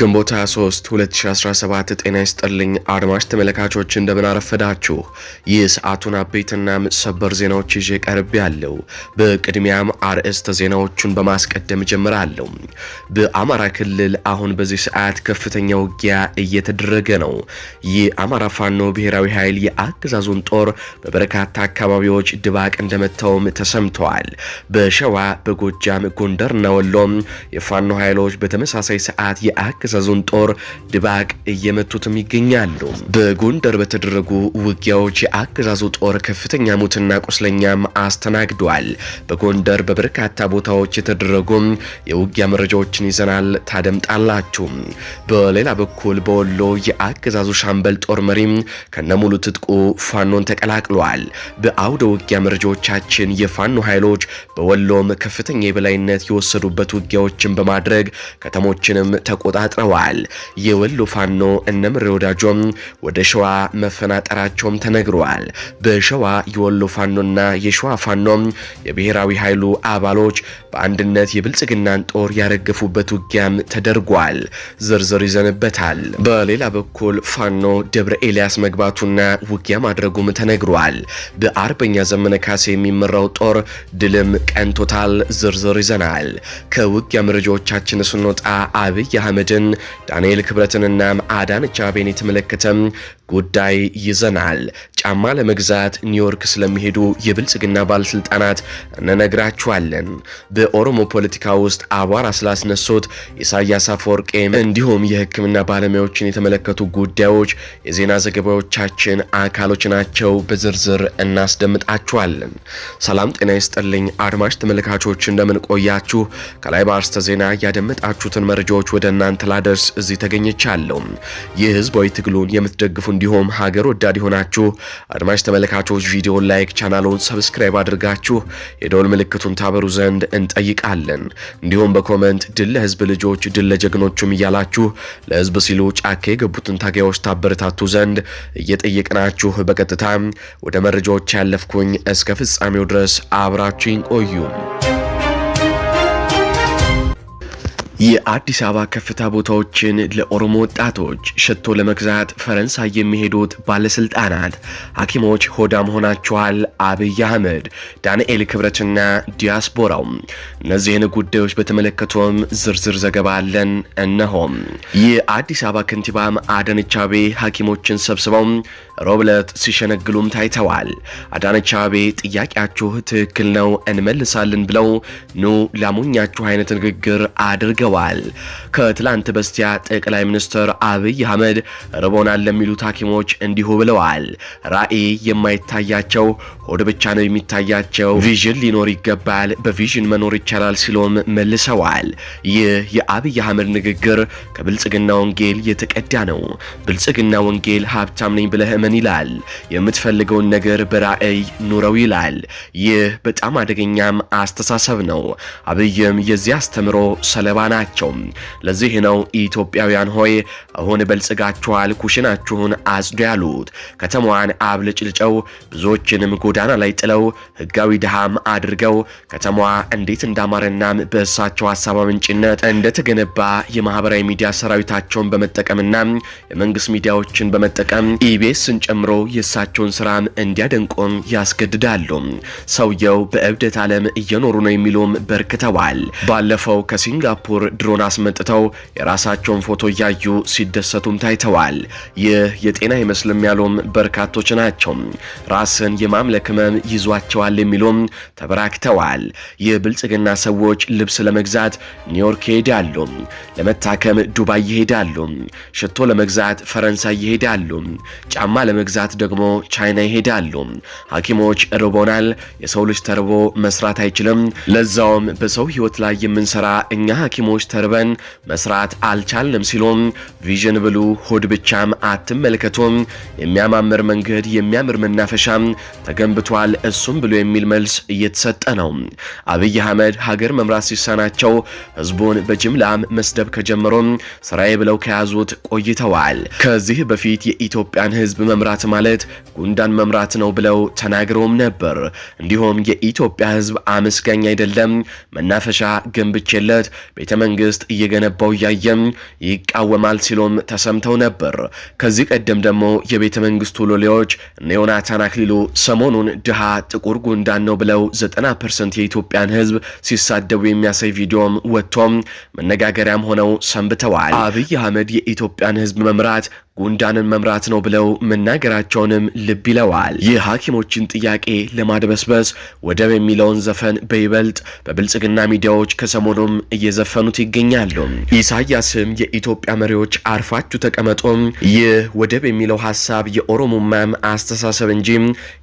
ግንቦት 23 2017 ጤና ይስጥልኝ አድማጭ ተመልካቾች እንደምን አረፈዳችሁ። ይህ ሰዓቱን አበይትናም ሰበር ዜናዎች ይዤ ቀርብ ያለው። በቅድሚያም አርዕስተ ዜናዎቹን በማስቀደም ጀምራለሁ። በአማራ ክልል አሁን በዚህ ሰዓት ከፍተኛ ውጊያ እየተደረገ ነው። የአማራ ፋኖ ብሔራዊ ኃይል የአገዛዙን ጦር በበርካታ አካባቢዎች ድባቅ እንደመታውም ተሰምተዋል። በሸዋ በጎጃም ጎንደርና ወሎም የፋኖ ኃይሎች በተመሳሳይ ሰዓት የአገ የአገዛዙን ጦር ድባቅ እየመቱትም ይገኛሉ። በጎንደር በተደረጉ ውጊያዎች የአገዛዙ ጦር ከፍተኛ ሙትና ቁስለኛም አስተናግዷል። በጎንደር በበርካታ ቦታዎች የተደረጉ የውጊያ መረጃዎችን ይዘናል፣ ታደምጣላችሁ። በሌላ በኩል በወሎ የአገዛዙ ሻምበል ጦር መሪም ከነሙሉ ትጥቁ ፋኖን ተቀላቅሏል። በአውደ ውጊያ መረጃዎቻችን የፋኖ ኃይሎች በወሎም ከፍተኛ የበላይነት የወሰዱበት ውጊያዎችን በማድረግ ከተሞችንም ተቆጣጥረ ገልጸዋል። የወሎ ፋኖ እነምሬ ወዳጆም ወደ ሸዋ መፈናጠራቸውም ተነግረዋል። በሸዋ የወሎ ፋኖና የሸዋ ፋኖ የብሔራዊ ኃይሉ አባሎች በአንድነት የብልጽግናን ጦር ያረገፉበት ውጊያም ተደርጓል። ዝርዝር ይዘንበታል። በሌላ በኩል ፋኖ ደብረ ኤልያስ መግባቱና ውጊያ ማድረጉም ተነግሯል። በአርበኛ ዘመነ ካሴ የሚመራው ጦር ድልም ቀንቶታል። ዝርዝር ይዘናል። ከውጊያ መረጃዎቻችን ስንወጣ አብይ አህመድን ዳንኤል ክብረትንና አዳነች አቤቤን የተመለከተ ጉዳይ ይዘናል። ጫማ ለመግዛት ኒውዮርክ ስለሚሄዱ የብልጽግና ባለስልጣናት እንነግራችኋለን። በኦሮሞ ፖለቲካ ውስጥ አቧራ ስላስነሶት ኢሳያስ አፈወርቄም እንዲሁም የሕክምና ባለሙያዎችን የተመለከቱ ጉዳዮች የዜና ዘገባዎቻችን አካሎች ናቸው። በዝርዝር እናስደምጣችኋለን። ሰላም ጤና ይስጥልኝ አድማጭ ተመልካቾች፣ እንደምንቆያችሁ ከላይ በአርስተ ዜና ያደመጣችሁትን መረጃዎች ወደ እናንተ ላደርስ እዚህ ተገኝቻለሁ። ይህ ህዝባዊ ትግሉን የምትደግፉ እንዲሁም ሀገር ወዳድ የሆናችሁ አድማጭ ተመልካቾች ቪዲዮን ላይክ፣ ቻናሉን ሰብስክራይብ አድርጋችሁ የደወል ምልክቱን ታበሩ ዘንድ እንጠይቃለን። እንዲሁም በኮመንት ድል ለህዝብ ልጆች ድል ለጀግኖቹም እያላችሁ ለህዝብ ሲሉ ጫካ የገቡትን ታጋዮች ታበረታቱ ዘንድ እየጠየቅናችሁ በቀጥታ ወደ መረጃዎች ያለፍኩኝ እስከ ፍጻሜው ድረስ አብራችሁን ቆዩ። የአዲስ አበባ ከፍታ ቦታዎችን ለኦሮሞ ወጣቶች ሽቶ ለመግዛት ፈረንሳይ የሚሄዱት ባለስልጣናት ሐኪሞች ሆዳም ሆናችኋል። አብይ አህመድ፣ ዳንኤል ክብረትና ዲያስፖራው እነዚህን ጉዳዮች በተመለከቱም ዝርዝር ዘገባ አለን። እነሆም የአዲስ አበባ ከንቲባም አዳነች አቤቤ ሐኪሞችን ሰብስበው ሮብለት ሲሸነግሉም ታይተዋል። አዳነች አቤ ጥያቄያችሁ ትክክል ነው እንመልሳለን ብለው ኑ ላሞኛችሁ አይነት ንግግር አድርገዋል። ከትላንት በስቲያ ጠቅላይ ሚኒስትር አብይ አህመድ ርቦናል ለሚሉት ሐኪሞች እንዲሁ ብለዋል። ራዕይ የማይታያቸው ሆድ ብቻ ነው የሚታያቸው፣ ቪዥን ሊኖር ይገባል፣ በቪዥን መኖር ይቻላል ሲሎም መልሰዋል። ይህ የአብይ አህመድ ንግግር ከብልጽግና ወንጌል የተቀዳ ነው። ብልጽግና ወንጌል ሀብታም ነኝ ብለህ እመን ይላል። የምትፈልገውን ነገር በራዕይ ኑረው ይላል። ይህ በጣም አደገኛም አስተሳሰብ ነው። አብይም የዚህ አስተምሮ ሰለባ ናቸው። ለዚህ ነው ኢትዮጵያውያን ሆይ አሁን በልጽጋችኋል፣ ኩሽናችሁን አጽዱ ያሉት። ከተማዋን አብልጭልጨው ብዙዎችንም ጎዳና ላይ ጥለው ህጋዊ ድሃም አድርገው ከተማዋ እንዴት እንዳማረናም በእሳቸው ሀሳብ ምንጭነት እንደተገነባ የማህበራዊ ሚዲያ ሰራዊታቸውን በመጠቀምና የመንግስት ሚዲያዎችን በመጠቀም ኢቢኤስን ጨምሮ የእሳቸውን ስራም እንዲያደንቁም ያስገድዳሉ። ሰውየው በእብደት ዓለም እየኖሩ ነው የሚሉም በርክተዋል። ባለፈው ከሲንጋፖር ድሮን አስመጥተው የራሳቸውን ፎቶ እያዩ ሲደሰቱም ታይተዋል። ይህ የጤና አይመስልም ያሉም በርካቶች ናቸው። ራስን የማምለክ ህመም ይዟቸዋል የሚሉም ተበራክተዋል። የብልጽግና ሰዎች ልብስ ለመግዛት ኒውዮርክ ይሄዳሉ፣ ለመታከም ዱባይ ይሄዳሉ፣ ሽቶ ለመግዛት ፈረንሳይ ይሄዳሉ፣ ጫማ ለመግዛት ደግሞ ቻይና ይሄዳሉ። ሐኪሞች ርቦናል፣ የሰው ልጅ ተርቦ መስራት አይችልም። ለዛውም በሰው ህይወት ላይ የምንሰራ እኛ ሐኪሞች ተርበን መስራት አልቻልንም ሲሉም ቪዥን ብሉ ሆድ ብቻም አትመልከቱም፣ የሚያማምር መንገድ የሚያምር መናፈሻም ተገንብቷል፣ እሱም ብሎ የሚል መልስ እየተሰጠ ነው። አብይ አህመድ ሀገር መምራት ሲሳናቸው ህዝቡን በጅምላም መስደብ ከጀመሩም ስራዬ ብለው ከያዙት ቆይተዋል። ከዚህ በፊት የኢትዮጵያን ህዝብ መምራት ማለት ጉንዳን መምራት ነው ብለው ተናግረውም ነበር። እንዲሁም የኢትዮጵያ ህዝብ አመስጋኝ አይደለም፣ መናፈሻ ገንብቼለት ቤተ መንግስት እየገነባው እያየም ይቃወማል ሲሉም ተሰምተው ነበር። ከዚህ ቀደም ደግሞ የቤተ መንግስቱ ሎሌዎች እነ ዮናታን አክሊሉ ሰሞኑን ድሃ ጥቁር ጉንዳን ነው ብለው 90 ፐርሰንት የኢትዮጵያን ህዝብ ሲሳደቡ የሚያሳይ ቪዲዮም ወጥቶም መነጋገሪያም ሆነው ሰንብተዋል። አብይ አህመድ የኢትዮጵያን ህዝብ መምራት ጉንዳንን መምራት ነው ብለው መናገራቸውንም ልብ ይለዋል። ይህ ሐኪሞችን ጥያቄ ለማድበስበስ ወደብ የሚለውን ዘፈን በይበልጥ በብልጽግና ሚዲያዎች ከሰሞኑም እየዘፈኑት ይገኛሉ። ኢሳያስም የኢትዮጵያ መሪዎች አርፋችሁ ተቀመጦም፣ ይህ ወደብ የሚለው ሀሳብ የኦሮሞማም አስተሳሰብ እንጂ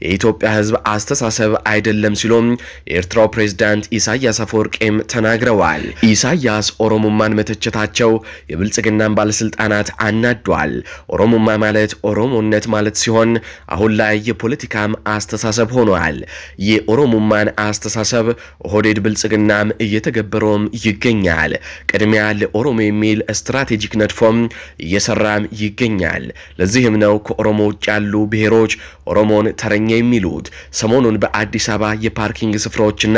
የኢትዮጵያ ሕዝብ አስተሳሰብ አይደለም ሲሎም የኤርትራው ፕሬዝዳንት ኢሳያስ አፈወርቄም ተናግረዋል። ኢሳያስ ኦሮሞማን መተቸታቸው የብልጽግናን ባለስልጣናት አናዷል። ኦሮሞማ ማለት ኦሮሞነት ማለት ሲሆን አሁን ላይ የፖለቲካም አስተሳሰብ ሆኗል። የኦሮሞማን አስተሳሰብ ኦህዴድ ብልጽግናም እየተገበረውም ይገኛል። ቅድሚያ ለኦሮሞ የሚል ስትራቴጂክ ነድፎም እየሰራም ይገኛል። ለዚህም ነው ከኦሮሞ ውጭ ያሉ ብሔሮች ኦሮሞን ተረኛ የሚሉት። ሰሞኑን በአዲስ አበባ የፓርኪንግ ስፍራዎችና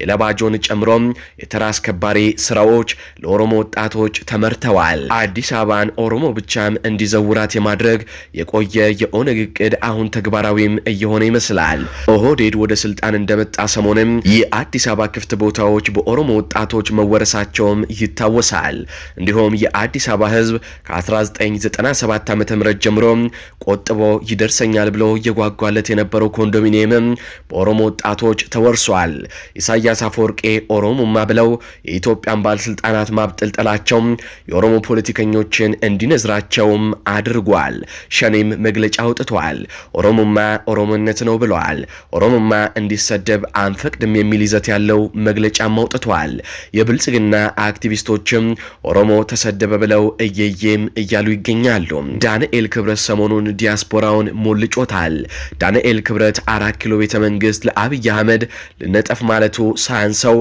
የለባጆን ጨምሮም የተራ አስከባሪ ስራዎች ለኦሮሞ ወጣቶች ተመርተዋል። አዲስ አበባን ኦሮሞ ብቻም እንዲዘ እንዲዘውራት የማድረግ የቆየ የኦነግ እቅድ አሁን ተግባራዊም እየሆነ ይመስላል። ኦህዴድ ወደ ስልጣን እንደመጣ ሰሞንም የአዲስ አበባ ክፍት ቦታዎች በኦሮሞ ወጣቶች መወረሳቸውም ይታወሳል። እንዲሁም የአዲስ አበባ ህዝብ ከ1997 ዓ ም ጀምሮ ቆጥቦ ይደርሰኛል ብሎ እየጓጓለት የነበረው ኮንዶሚኒየምም በኦሮሞ ወጣቶች ተወርሷል። ኢሳያስ አፈወርቄ ኦሮሞማ ብለው የኢትዮጵያን ባለስልጣናት ማብጠልጠላቸው የኦሮሞ ፖለቲከኞችን እንዲነዝራቸውም አድርጓል። ሸኔም መግለጫ አውጥቷል። ኦሮሞማ ኦሮሞነት ነው ብለዋል። ኦሮሞማ እንዲሰደብ አንፈቅድም የሚል ይዘት ያለው መግለጫም አውጥቷል። የብልጽግና አክቲቪስቶችም ኦሮሞ ተሰደበ ብለው እየየም እያሉ ይገኛሉ። ዳንኤል ክብረት ሰሞኑን ዲያስፖራውን ሞልጮታል። ዳንኤል ክብረት አራት ኪሎ ቤተ መንግስት ለአብይ አህመድ ልነጠፍ ማለቱ ሳያንሰው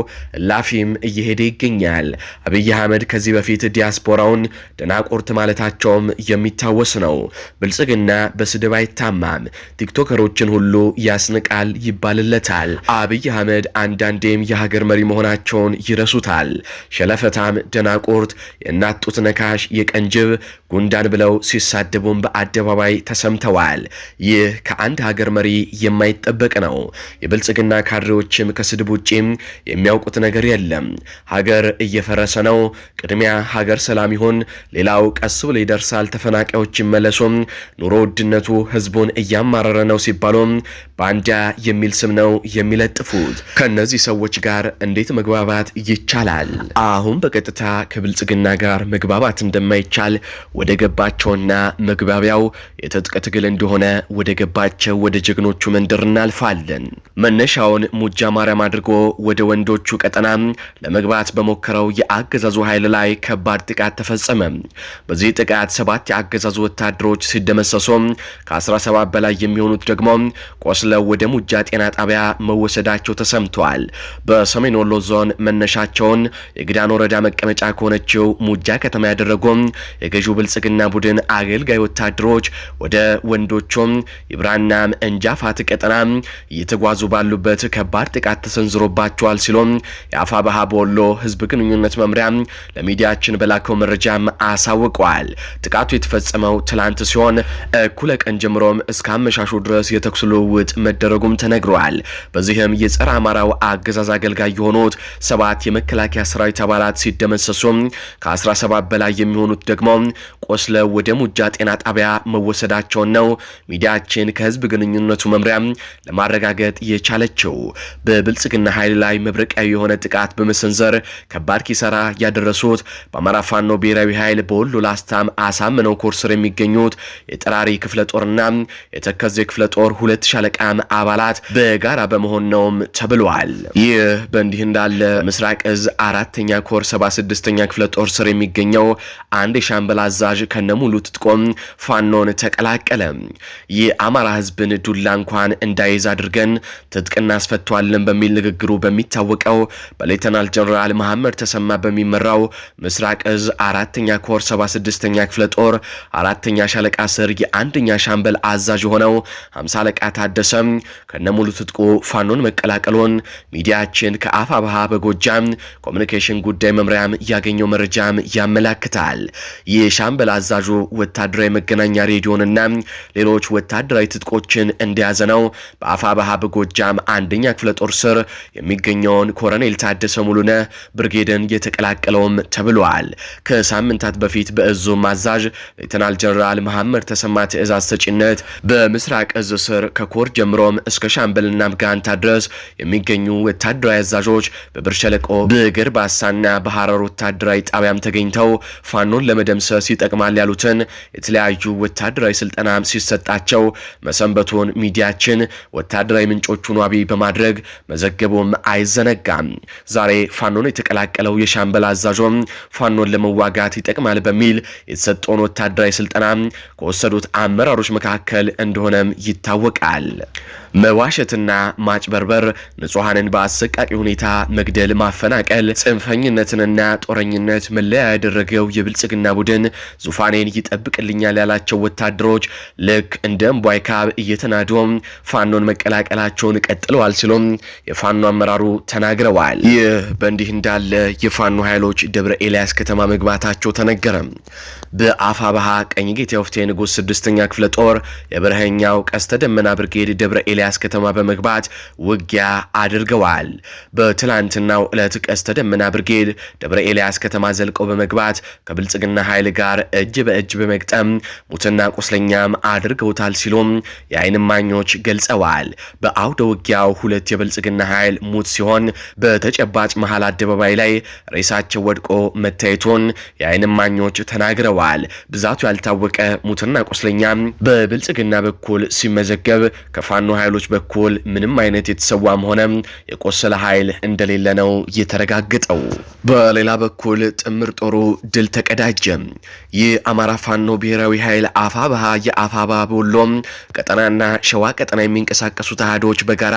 ላፊም እየሄደ ይገኛል። አብይ አህመድ ከዚህ በፊት ዲያስፖራውን ደናቁርት ማለታቸውም የሚ የሚታወስ ነው። ብልጽግና በስድብ አይታማም፣ ቲክቶከሮችን ሁሉ ያስንቃል ይባልለታል። አብይ አህመድ አንዳንዴም የሀገር መሪ መሆናቸውን ይረሱታል። ሸለፈታም፣ ደናቁርት፣ የእናት ጡት ነካሽ፣ የቀንጅብ ጉንዳን ብለው ሲሳደቡም በአደባባይ ተሰምተዋል። ይህ ከአንድ ሀገር መሪ የማይጠበቅ ነው። የብልጽግና ካድሬዎችም ከስድብ ውጪም የሚያውቁት ነገር የለም። ሀገር እየፈረሰ ነው። ቅድሚያ ሀገር ሰላም ይሁን፣ ሌላው ቀስ ብሎ ይደርሳል። ተፈና ተፈናቃዮች ይመለሱ፣ ኑሮ ውድነቱ ህዝቡን እያማረረ ነው ሲባሉ ባንዳ የሚል ስም ነው የሚለጥፉት። ከእነዚህ ሰዎች ጋር እንዴት መግባባት ይቻላል? አሁን በቀጥታ ከብልጽግና ጋር መግባባት እንደማይቻል ወደ ገባቸውና መግባቢያው የትጥቅ ትግል እንደሆነ ወደ ገባቸው ወደ ጀግኖቹ መንደር እናልፋለን። መነሻውን ሙጃ ማርያም አድርጎ ወደ ወንዶቹ ቀጠና ለመግባት በሞከረው የአገዛዙ ኃይል ላይ ከባድ ጥቃት ተፈጸመ። በዚህ ጥቃት ሰባት የአገዛዙ ወታደሮች ሲደመሰሱ ከ17 በላይ የሚሆኑት ደግሞ ቆስለው ወደ ሙጃ ጤና ጣቢያ መወሰዳቸው ተሰምተዋል። በሰሜን ወሎ ዞን መነሻቸውን የግዳን ወረዳ መቀመጫ ከሆነችው ሙጃ ከተማ ያደረጉ የገዢው ብልጽግና ቡድን አገልጋይ ወታደሮች ወደ ወንዶቹም ይብራና እንጃፋት ቀጠና እየተጓዙ ባሉበት ከባድ ጥቃት ተሰንዝሮባቸዋል ሲሉም የአፋ ባሃ በወሎ ህዝብ ግንኙነት መምሪያ ለሚዲያችን በላከው መረጃም አሳውቀዋል። ጥቃቱ የተፈ የተፈጸመው ትላንት ሲሆን እኩለ ቀን ጀምሮም እስከ አመሻሹ ድረስ የተኩስ ልውውጥ መደረጉም ተነግረዋል። በዚህም የጸረ አማራው አገዛዝ አገልጋይ የሆኑት ሰባት የመከላከያ ሰራዊት አባላት ሲደመሰሱም ከ17 በላይ የሚሆኑት ደግሞ ቆስለው ወደ ሙጃ ጤና ጣቢያ መወሰዳቸውን ነው ሚዲያችን ከህዝብ ግንኙነቱ መምሪያ ለማረጋገጥ የቻለችው። በብልጽግና ኃይል ላይ መብረቂያዊ የሆነ ጥቃት በመሰንዘር ከባድ ኪሳራ ያደረሱት በአማራ ፋኖ ብሔራዊ ኃይል በወሎ ላስታም አሳምነው ኮር ኮር ስር የሚገኙት የጠራሪ ክፍለ ጦርና የተከዜ ክፍለ ጦር ሁለት ሻለቃ አባላት በጋራ በመሆን ነውም ተብለዋል። ይህ በእንዲህ እንዳለ ምስራቅ እዝ አራተኛ ኮር 76ኛ ክፍለ ጦር ስር የሚገኘው አንድ የሻምበል አዛዥ ከነሙሉ ትጥቆም ፋኖን ተቀላቀለ። የአማራ ህዝብን ዱላ እንኳን እንዳይዝ አድርገን ትጥቅ እናስፈቷለን በሚል ንግግሩ በሚታወቀው በሌተናል ጀኔራል መሐመድ ተሰማ በሚመራው ምስራቅ እዝ አራተኛ ኮር 76ኛ ክፍለ ጦር አራተኛ ሻለቃ ስር የአንደኛ ሻምበል አዛዥ የሆነው ሃምሳ አለቃ ታደሰም ከነሙሉ ትጥቁ ፋኖን መቀላቀሉን ሚዲያችን ከአፋ ባሃ በጎጃም ኮሚኒኬሽን ጉዳይ መምሪያም ያገኘው መረጃም ያመላክታል። ይህ ሻምበል አዛዡ ወታደራዊ መገናኛ ሬዲዮንና ሌሎች ወታደራዊ ትጥቆችን እንደያዘ ነው በአፋ ባሃ በጎጃም አንደኛ ክፍለ ጦር ስር የሚገኘውን ኮረኔል ታደሰ ሙሉነ ብርጌድን የተቀላቀለውም ተብሏል። ከሳምንታት በፊት በእዙ አዛዥ ሌተናል ጀነራል መሐመድ ተሰማ ትእዛዝ ሰጪነት በምስራቅ እዝ ስር ከኮር ጀምሮም እስከ ሻምበልና ጋንታ ድረስ የሚገኙ ወታደራዊ አዛዦች በብር ሸለቆ፣ ባሳና በሐረር ወታደራዊ ጣቢያም ተገኝተው ፋኖን ለመደምሰስ ይጠቅማል ያሉትን የተለያዩ ወታደራዊ ስልጠና ሲሰጣቸው መሰንበቱን ሚዲያችን ወታደራዊ ምንጮቹን ዋቢ በማድረግ መዘገቡም አይዘነጋም። ዛሬ ፋኖን የተቀላቀለው የሻምበል አዛዦም ፋኖን ለመዋጋት ይጠቅማል በሚል የተሰጠውን ወታደ ወታደራዊ ስልጠና ከወሰዱት አመራሮች መካከል እንደሆነም ይታወቃል። መዋሸትና ማጭበርበር፣ ንጹሐንን በአሰቃቂ ሁኔታ መግደል፣ ማፈናቀል፣ ጽንፈኝነትንና ጦረኝነት መለያ ያደረገው የብልጽግና ቡድን ዙፋኔን ይጠብቅልኛል ያላቸው ወታደሮች ልክ እንደ እምቧይ ካብ እየተናዶም ፋኖን መቀላቀላቸውን ቀጥለዋል ሲሉም የፋኖ አመራሩ ተናግረዋል። ይህ በእንዲህ እንዳለ የፋኖ ኃይሎች ደብረ ኤልያስ ከተማ መግባታቸው ተነገረም። በአፋባሃ ጌታ ወፍቴ ንጉስ ስድስተኛ ክፍለ ጦር የብርሃኛው ቀስተ ደመና ብርጌድ ደብረ ኤልያስ ከተማ በመግባት ውጊያ አድርገዋል። በትላንትናው ዕለት ቀስተ ደመና ብርጌድ ደብረ ኤልያስ ከተማ ዘልቀው በመግባት ከብልጽግና ኃይል ጋር እጅ በእጅ በመግጠም ሙትና ቁስለኛም አድርገውታል ሲሉም የአይን ማኞች ገልጸዋል። በአውደ ውጊያው ሁለት የብልጽግና ኃይል ሙት ሲሆን በተጨባጭ መሃል አደባባይ ላይ ሬሳቸው ወድቆ መታየቱን የአይን ማኞች ተናግረዋል። ተገኝተዋል። ብዛቱ ያልታወቀ ሙትና ቁስለኛ በብልጽግና በኩል ሲመዘገብ ከፋኖ ኃይሎች በኩል ምንም አይነት የተሰዋም ሆነ የቆሰለ ኃይል እንደሌለ ነው የተረጋገጠው። በሌላ በኩል ጥምር ጦሩ ድል ተቀዳጀ። አማራ ፋኖ ብሔራዊ ኃይል አፋብሃ የአፋባ በወሎ ቀጠናና ሸዋ ቀጠና የሚንቀሳቀሱ ተሃዶች በጋራ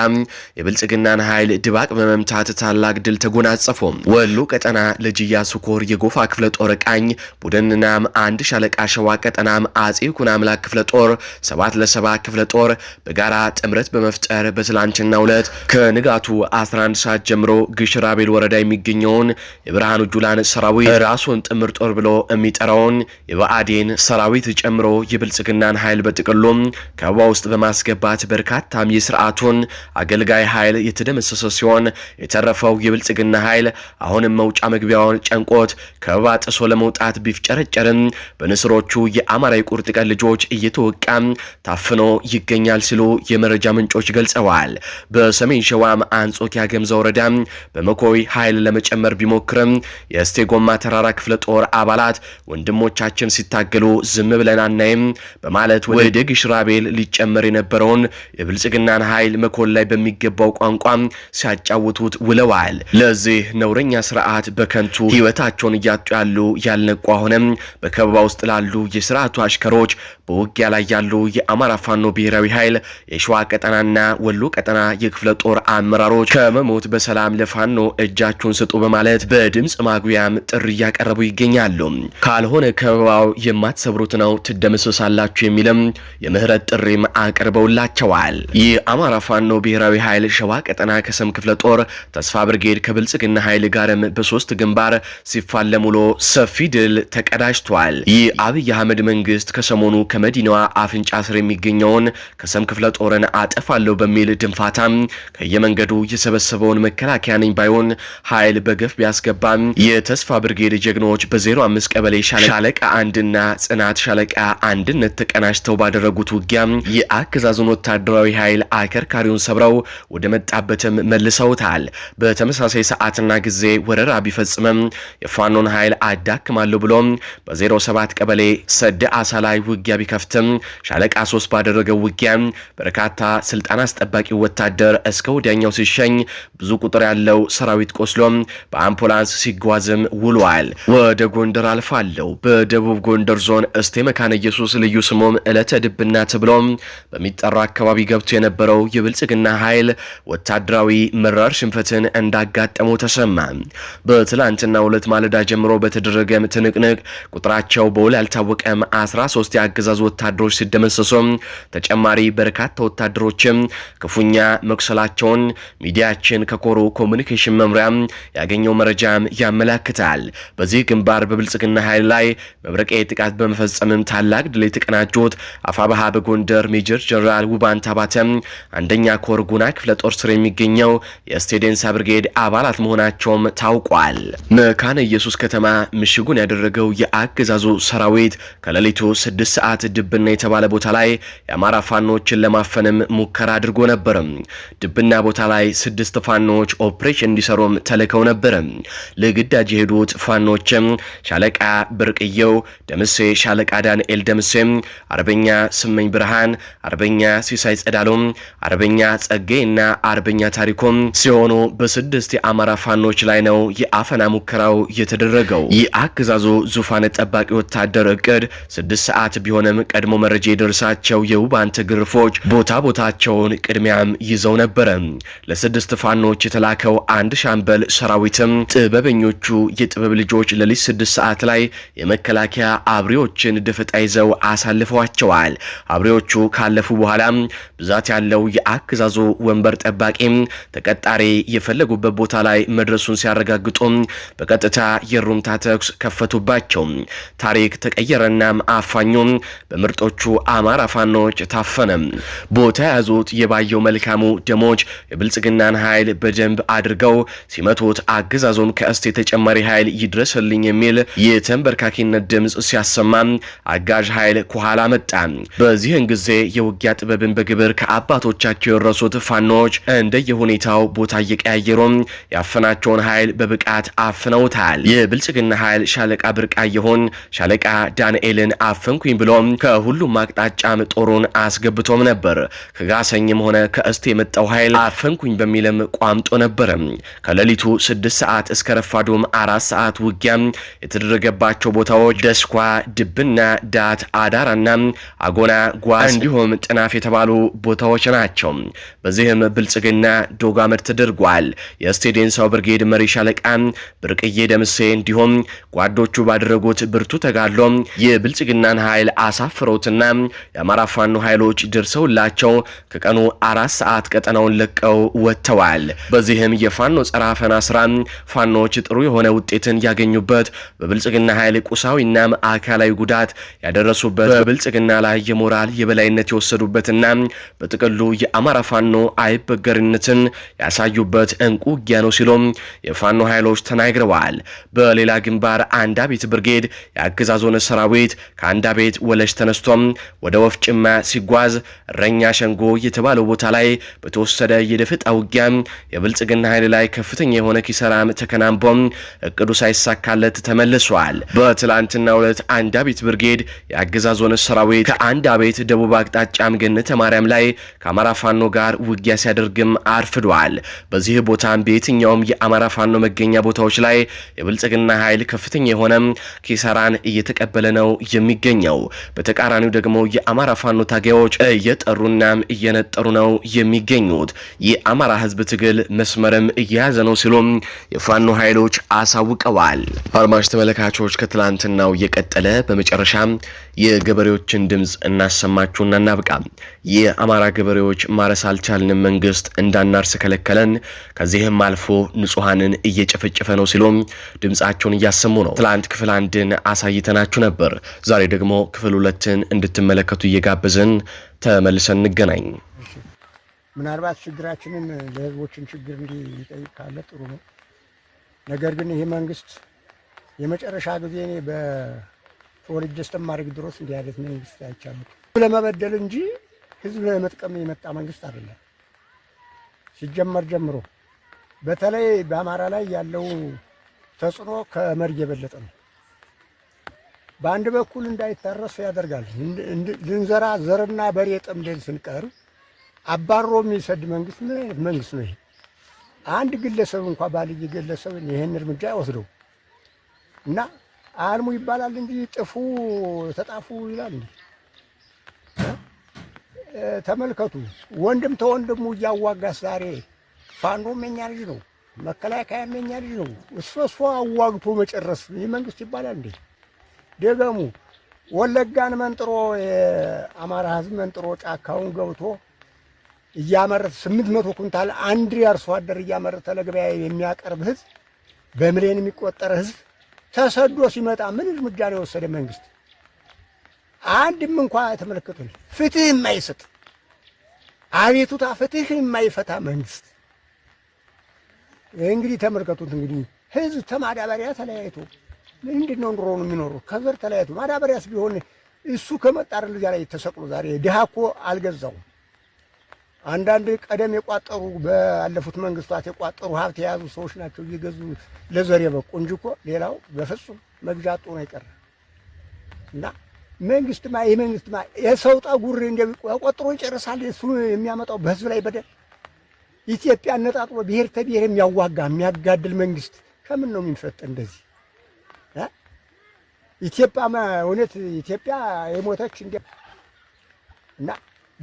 የብልጽግናን ኃይል ድባቅ በመምታት ታላቅ ድል ተጎናጸፉ። ወሎ ቀጠና ልጅያ ሱኮር የጎፋ ክፍለ ጦር ቃኝ ቡድንና አንድ ሻለቃ ሸዋ ቀጠናም አጼ ይኩኖ አምላክ ክፍለ ጦር ሰባት ለሰባ ክፍለ ጦር በጋራ ጥምረት በመፍጠር በትላንትናው ሁለት ከንጋቱ 11 ሰዓት ጀምሮ ግሽር አቤል ወረዳ የሚገኘውን የብርሃኑ ጁላን ሰራዊት ራሱን ጥምር ጦር ብሎ የሚጠራውን የበአዴን ሰራዊት ጨምሮ የብልጽግናን ኃይል በጥቅሉም ከበባ ውስጥ በማስገባት በርካታም የስርዓቱን አገልጋይ ኃይል የተደመሰሰ ሲሆን የተረፈው የብልጽግና ኃይል አሁንም መውጫ መግቢያውን ጨንቆት ከበባ ጥሶ ለመውጣት ቢፍጨረጨርም በንስሮቹ የአማራ የቁርጥ ቀን ልጆች እየተወቃ ታፍኖ ይገኛል ሲሉ የመረጃ ምንጮች ገልጸዋል። በሰሜን ሸዋም አንጾኪያ ገምዛ ወረዳ በመኮይ ኃይል ለመጨመር ቢሞክርም የስቴጎማ ተራራ ክፍለ ጦር አባላት ወንድሞቻችን ሲታገሉ ዝም ብለን አናይም በማለት ወደ ግሽ ሊጨመር የነበረውን የብልጽግናን ኃይል መኮን ላይ በሚገባው ቋንቋ ሲያጫውቱት ውለዋል። ለዚህ ነውረኛ ስርዓት በከንቱ ህይወታቸውን እያጡ ያሉ ያልነቁ አሁንም በከበባ ውስጥ ላሉ የስርዓቱ አሽከሮች በውጊያ ላይ ያሉ የአማራ ፋኖ ብሔራዊ ኃይል የሸዋ ቀጠናና ወሎ ቀጠና የክፍለ ጦር አመራሮች ከመሞት በሰላም ለፋኖ እጃችሁን ስጡ በማለት በድምፅ ማጉያም ጥሪ እያቀረቡ ይገኛሉ። ካልሆነ ከበባው የማትሰብሩት ነው ትደመሰሳላችሁ የሚልም የምህረት ጥሪም አቅርበውላቸዋል። የአማራ ፋኖ ብሔራዊ ኃይል ሸዋ ቀጠና ከሰም ክፍለ ጦር ተስፋ ብርጌድ ከብልጽግና ኃይል ጋርም በሶስት ግንባር ሲፋለም ውሎ ሰፊ ድል ተቀዳጅቷል። ይህ አብይ አህመድ መንግስት ከሰሞኑ ከመዲናዋ አፍንጫ ስር የሚገኘውን ከሰም ክፍለ ጦርን አጠፋለሁ በሚል ድንፋታም ከየመንገዱ የሰበሰበውን መከላከያ ነኝ ባይሆን ኃይል በገፍ ቢያስገባም የተስፋ ብርጌድ ጀግኖች በ05 ቀበሌ ሻለቃ አንድና ጽናት ሻለቃ አንድነት ተቀናጅተው ባደረጉት ውጊያ የአገዛዙን ወታደራዊ ኃይል አከርካሪውን ሰብረው ወደ መጣበትም መልሰውታል። በተመሳሳይ ሰዓትና ጊዜ ወረራ ቢፈጽምም የፋኖን ኃይል አዳክማለሁ ብሎም በ ዜሮ ሰባት ቀበሌ ሰደ አሳ ላይ ውጊያ ቢከፍትም ሻለቃ ሶስት ባደረገው ውጊያ በርካታ ስልጣን አስጠባቂ ወታደር እስከ ወዲያኛው ሲሸኝ ብዙ ቁጥር ያለው ሰራዊት ቆስሎም በአምቡላንስ ሲጓዝም ውሏል። ወደ ጎንደር አልፋለሁ። በደቡብ ጎንደር ዞን እስቴ መካነ ኢየሱስ ልዩ ስሙም እለተ ድብና ተብሎም በሚጠራው አካባቢ ገብቶ የነበረው የብልጽግና ኃይል ወታደራዊ መራር ሽንፈትን እንዳጋጠመው ተሰማ። በትላንትና ሁለት ማለዳ ጀምሮ በተደረገም ትንቅንቅ ቁጥራ ቁጥራቸው በውል ያልታወቀም 13 የአገዛዙ ወታደሮች ሲደመሰሱ ተጨማሪ በርካታ ወታደሮችም ክፉኛ መቁሰላቸውን ሚዲያችን ከኮሮ ኮሚኒኬሽን መምሪያ ያገኘው መረጃም ያመላክታል። በዚህ ግንባር በብልጽግና ኃይል ላይ መብረቄ ጥቃት በመፈጸምም ታላቅ ድል የተቀናጁት አፋባሃ በጎንደር ሜጀር ጀነራል ውባን ታባተም አንደኛ ኮር ጉና ክፍለ ጦር ስር የሚገኘው የስቴደንሳ ብርጌድ አባላት መሆናቸውም ታውቋል። መካነ ኢየሱስ ከተማ ምሽጉን ያደረገው የአገ የአገዛዙ ሰራዊት ከሌሊቱ ስድስት ሰዓት ድብና የተባለ ቦታ ላይ የአማራ ፋኖችን ለማፈንም ሙከራ አድርጎ ነበር። ድብና ቦታ ላይ ስድስት ፋኖች ኦፕሬሽን እንዲሰሩም ተልከው ነበር። ለግዳጅ የሄዱት ፋኖችም ሻለቃ ብርቅየው ደምሴ፣ ሻለቃ ዳንኤል ደምሴም፣ አርበኛ ስመኝ ብርሃን፣ አርበኛ ሲሳይ ጸዳሎም፣ አርበኛ ጸጋይና አርበኛ ታሪኮም ሲሆኑ በስድስት የአማራ ፋኖች ላይ ነው የአፈና ሙከራው የተደረገው። የአገዛዙ ዙፋን ጠባ ጠባቂ ወታደር እቅድ ስድስት ሰዓት ቢሆንም ቀድሞ መረጃ የደረሳቸው የውባንት ግርፎች ቦታ ቦታቸውን ቅድሚያም ይዘው ነበረ። ለስድስት ፋኖች የተላከው አንድ ሻምበል ሰራዊትም ጥበበኞቹ የጥበብ ልጆች ለሊት ስድስት ሰዓት ላይ የመከላከያ አብሬዎችን ድፍጣ ይዘው አሳልፈዋቸዋል። አብሬዎቹ ካለፉ በኋላ ብዛት ያለው የአገዛዙ ወንበር ጠባቂም ተቀጣሪ የፈለጉበት ቦታ ላይ መድረሱን ሲያረጋግጡ በቀጥታ የሩምታ ተኩስ ከፈቱባቸው። ታሪክ ተቀየረና አፋኙም በምርጦቹ አማራ ፋኖች ታፈነ። የያዙት የባየው መልካሙ ደሞች የብልጽግናን ኃይል በደንብ አድርገው ሲመቱት አገዛዞም ከእስቴ ተጨማሪ ኃይል ይድረስልኝ የሚል የተንበርካኪነት ድምፅ ሲያሰማ አጋዥ ኃይል ከኋላ መጣ። በዚህን ጊዜ የውጊያ ጥበብን በግብር ከአባቶቻቸው የረሱት ፋኖች እንደየሁኔታው ቦታ እየቀያየሩ ያፈናቸውን ኃይል በብቃት አፍነውታል። የብልጽግና ኃይል ሻለቃ ብርቃ የሆን ሻለቃ ዳንኤልን አፈንኩኝ ብሎም ከሁሉም አቅጣጫም ጦሩን አስገብቶም ነበር። ከጋሰኝም ሆነ ከእስቴ የመጣው ኃይል አፈንኩኝ በሚልም ቋምጦ ነበር ከሌሊቱ ስድስት ሰዓት እስከ ረፋዱም አራት ሰዓት ውጊያ የተደረገባቸው ቦታዎች ደስኳ፣ ድብና፣ ዳት፣ አዳራና አጎና ጓዝ እንዲሁም ጥናፍ የተባሉ ቦታዎች ናቸው። በዚህም ብልጽግና ዶጋመድ ተደርጓል። የእስቴ ዴንሳው ብርጌድ መሪ ሻለቃ ብርቅዬ ደምሴ እንዲሁም ጓዶቹ ባደረጉት ብርቱ ተጋድሎ የብልጽግናን ኃይል አሳፍረውትና የአማራ ፋኖ ኃይሎች ደርሰውላቸው ከቀኑ አራት ሰዓት ቀጠናውን ለቀው ወጥተዋል። በዚህም የፋኖ ጸረ አፈና ስራ ፋኖች ጥሩ የሆነ ውጤትን ያገኙበት በብልጽግና ኃይል ቁሳዊና አካላዊ ጉዳት ያደረሱበት በብልጽግና ላይ የሞራል የበላይነት የወሰዱበትና በጥቅሉ የአማራ ፋኖ አይበገርነትን ያሳዩበት እንቁ ውጊያ ነው ሲሉም የፋኖ ኃይሎች ተናግረዋል። በሌላ ግንባር አንዳቤት ብርጌድ የአገዛዙን ሰራዊት ከአንዳ ቤት ወለሽ ተነስቶም ወደ ወፍ ጭማ ሲጓዝ እረኛ ሸንጎ የተባለው ቦታ ላይ በተወሰደ የደፈጣ ውጊያ የብልጽግና ኃይል ላይ ከፍተኛ የሆነ ኪሰራም ተከናንቦም እቅዱ ሳይሳካለት ተመልሷል። በትላንትና ሁለት አንዳ ቤት ብርጌድ የአገዛዙን ሰራዊት ከአንዳ ቤት ደቡብ አቅጣጫም ገነተ ማርያም ላይ ከአማራ ፋኖ ጋር ውጊያ ሲያደርግም አርፍዷል። በዚህ ቦታም በየትኛውም የአማራ ፋኖ መገኛ ቦታዎች ላይ የብልጽግና ኃይል ከፍተኛ የሆነ ኪሰራ ስልጣን እየተቀበለ ነው የሚገኘው። በተቃራኒው ደግሞ የአማራ ፋኖ ታጋዮች እየጠሩናም እየነጠሩ ነው የሚገኙት። የአማራ ህዝብ ትግል መስመርም እየያዘ ነው ሲሉም የፋኖ ኃይሎች አሳውቀዋል። አድማጭ ተመልካቾች ከትላንትናው እየቀጠለ በመጨረሻም የገበሬዎችን ድምፅ እናሰማችሁና እናብቃ። የአማራ ገበሬዎች ማረስ አልቻልንም፣ መንግስት እንዳናርስ ከለከለን፣ ከዚህም አልፎ ንጹሐንን እየጨፈጨፈ ነው ሲሉም ድምፃቸውን እያሰሙ ነው። ትላንት ክፍል አንድን አሳይተናችሁ ነበር። ዛሬ ደግሞ ክፍል ሁለትን እንድትመለከቱ እየጋበዝን ተመልሰን እንገናኝ። ምናልባት ችግራችንን ለህዝቦችን ችግር እንዲጠይቅ ካለ ጥሩ ነው። ነገር ግን ይህ መንግስት የመጨረሻ ጊዜ እኔ በተወልጄ እስከማድረግ ድረስ እንዲህ አይነት መንግስት አይቻለሁ። ህዝብ ለመበደል እንጂ ህዝብ ለመጥቀም የመጣ መንግስት አይደለም። ሲጀመር ጀምሮ በተለይ በአማራ ላይ ያለው ተጽዕኖ ከመርግ የበለጠ ነው። በአንድ በኩል እንዳይታረሱ ያደርጋል። ልንዘራ ዘርና በሬ ጠምደን ስንቀርብ አባሮ የሚሰድ መንግስት ምን አይነት መንግስት ነው ይሄ? አንድ ግለሰብ እንኳ ባልይ ግለሰብ ይህን እርምጃ አይወስደው እና አልሙ ይባላል እንጂ ጥፉ ተጣፉ ይላል እንዲ ተመልከቱ። ወንድም ተወንድሙ እያዋጋስ ዛሬ ፋኖም የኛ ልጅ ነው፣ መከላከያም የኛ ልጅ ነው። እሱ እሱ አዋግቶ መጨረስ ይህ መንግስት ይባላል እንዴ? ደገሙ ወለጋን መንጥሮ የአማራ ህዝብ መንጥሮ ጫካውን ገብቶ እያመረተ ስምንት መቶ ኩንታል አንድ አርሶ አደር እያመረተ ለገበያ የሚያቀርብ ህዝብ በሚሊዮን የሚቆጠር ህዝብ ተሰዶ ሲመጣ ምን እርምጃ ነው የወሰደ መንግስት? አንድም እንኳ ተመልክቱን። ፍትህ የማይሰጥ አቤቱታ ፍትህ የማይፈታ መንግስት እንግዲህ ተመልከቱት። እንግዲህ ህዝብ ተማዳበሪያ ተለያይቶ ምንድን ነው ኑሮውን የሚኖሩ ከዘር ተለያይቶ ማዳበሪያስ ቢሆን እሱ ከመጣር ልዚያ ላይ ተሰቅሎ ዛሬ ድሃ እኮ አልገዛውም። አንዳንድ ቀደም የቋጠሩ ባለፉት መንግስታት የቋጠሩ ሀብት የያዙ ሰዎች ናቸው እየገዙ ለዘር የበቁ እንጂ እኮ ሌላው በፍጹም መግዣ አጡ ነው የቀረ እና መንግስትማ የመንግስትማ የሰው ጠጉር እንደው ቆጥሮ ይጨርሳል። እሱ የሚያመጣው በህዝብ ላይ በደል ኢትዮጵያ ነጣጥሎ ብሔር ተብሔር የሚያዋጋ የሚያጋድል መንግስት ከምን ነው የሚፈጠ እንደዚህ? ኢትዮጵያማ እውነት ኢትዮጵያ የሞተች እንደ እና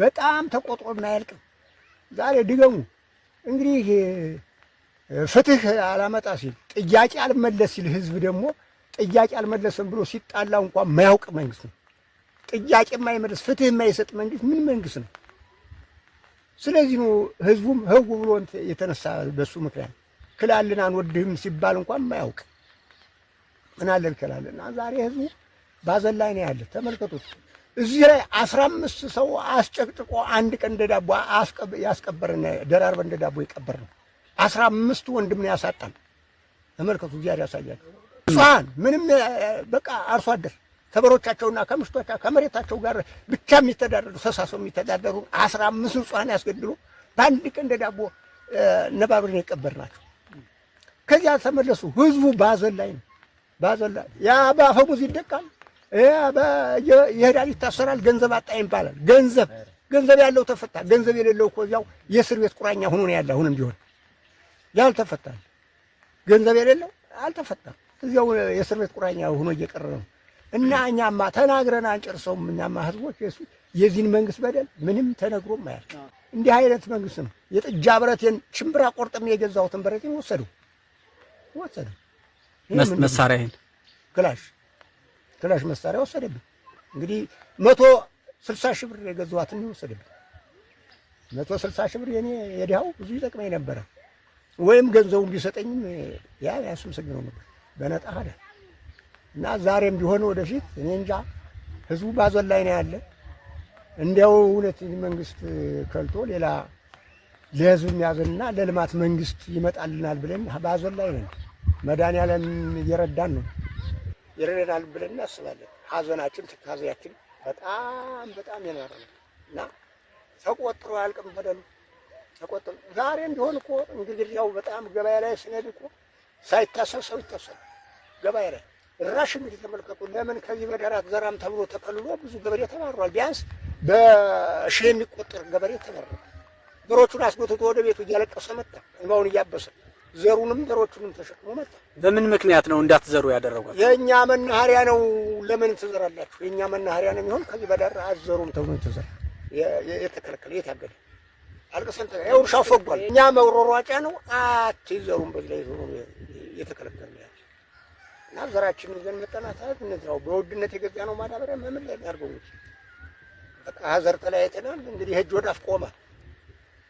በጣም ተቆጥሮ አያልቅም። ዛሬ ድገሙ እንግዲህ ፍትህ አላመጣ ሲል ጥያቄ አልመለስ ሲል ህዝብ ደግሞ ጥያቄ አልመለስም ብሎ ሲጣላ እንኳን የማያውቅ መንግስት ነው። ጥያቄ የማይመለስ ፍትህ የማይሰጥ መንግስት ምን መንግስት ነው? ስለዚህ ነው ህዝቡም ህው ብሎ የተነሳ በሱ ምክንያት ክላልን አንወድህም ሲባል እንኳን የማያውቅ ምን አለ ይከላል እና ዛሬ ህዝቡ ባዘን ላይ ነው ያለ። ተመልከቱት። እዚህ ላይ አስራ አምስት ሰው አስጨቅጭቆ አንድ ቀን እንደ ዳቦ ያስቀበርን ደራርበ እንደ ዳቦ የቀበር ነው። አስራ አምስቱ ወንድም ነው ያሳጣን። ተመልከቱ። እግዚአብሔር ያሳያል። እሷን ምንም በቃ አርሶ አደር ከበሮቻቸውና ከምሽቶቻቸው ከመሬታቸው ጋር ብቻ የሚተዳደሩ ተሳሰው የሚተዳደሩ አስራ አምስት ንጹሐን ያስገድሉ በአንድ ቀን እንደ ዳቦ ነባብርን የቀበር ናቸው። ከዚያ ተመለሱ። ህዝቡ ባዘን ላይ ነው። ባዘላ ያ በአፈሙዝ ይደቃል፣ ይሄዳል፣ ይታሰራል። ገንዘብ አጣ ይባላል። ገንዘብ ገንዘብ ያለው ተፈታ፣ ገንዘብ የሌለው እኮ እዚያው የእስር ቤት ቁራኛ ሆኖ ነው ያለ። አሁንም ቢሆን ያልተፈታ ገንዘብ የሌለው አልተፈታም፣ እዚያው የእስር ቤት ቁራኛ ሆኖ እየቀረ ነው። እና እኛማ ተናግረን አንጨርሰውም። እኛማ ህዝቦች የዚህን መንግስት በደል ምንም ተነግሮም አያልቅ። እንዲህ አይነት መንግስት ነው የጥጃ ብረቴን ሽምብራ ቆርጥም የገዛሁትን ብረቴን ወሰዱ ወሰዱ። መሳሪያ ይሄን ክላሽ ክላሽ መሳሪያ ወሰደብኝ። እንግዲህ መቶ ስልሳ ሺህ ብር የገዛኋትን ወሰደብኝ። መቶ ስልሳ ሺህ ብር የኔ የድሃው ብዙ ይጠቅመኝ ነበረ። ወይም ገንዘቡን ቢሰጠኝም ያ ያስመሰግነው ነበር። በነጣ አለ እና ዛሬም ቢሆን ወደፊት እኔ እንጃ ህዝቡ ባዘን ላይ ነው ያለ። እንዲያው እውነት መንግስት ከልቶ ሌላ ለህዝብ የሚያዝንና ለልማት መንግስት ይመጣልናል ብለን ባዘን ላይ ነን። መድኃኒዓለም እየረዳን ነው፣ ይረዳናል ብለን እናስባለን። ሀዘናችን ትካዜያችን በጣም በጣም የናረ ነው እና ተቆጥሮ አያልቅም በደሉ ተቆጥሮ ዛሬ እንዲሆን እኮ እንግዲህ ያው በጣም ገበያ ላይ ስንሄድ እኮ ሳይታሰብ ሰው ይታሰብ ገበያ ላይ እራሽ እንግዲህ ተመልከቱ። ለምን ከዚህ በደራት ዘራም ተብሎ ተከልሎ ብዙ ገበሬ ተባሯል። ቢያንስ በሺህ የሚቆጠር ገበሬ ተባሯል። ብሮቹን አስጎትቶ ወደ ቤቱ እያለቀሰ መጣ እንባውን እያበሰ ዘሩንም ዘሮቹንም ተሸክሞ መጣ። በምን ምክንያት ነው እንዳትዘሩ ያደረጓት? የእኛ መናኸሪያ ነው፣ ለምን ትዘራላችሁ? የእኛ መናኸሪያ ነው የሚሆን ከዚህ በዳር አዘሩም ተብሎ ተዘራ። የተከለከለ የታገደ አልቀሰንተ ያው እርሻው ፈጓል። እኛ መሮሯጫ ነው፣ አትዘሩም በዚህ ዞሮ የተከለከለ ነው እና ዘራችንን ይዘን መጠና ሰዓት እንዝራው። በውድነት የገዛ ነው ማዳበሪያ መምን ላይ ያርገው በቃ ዘር ተለያይተናል። እንግዲህ ህጅ ወዳፍ ቆመ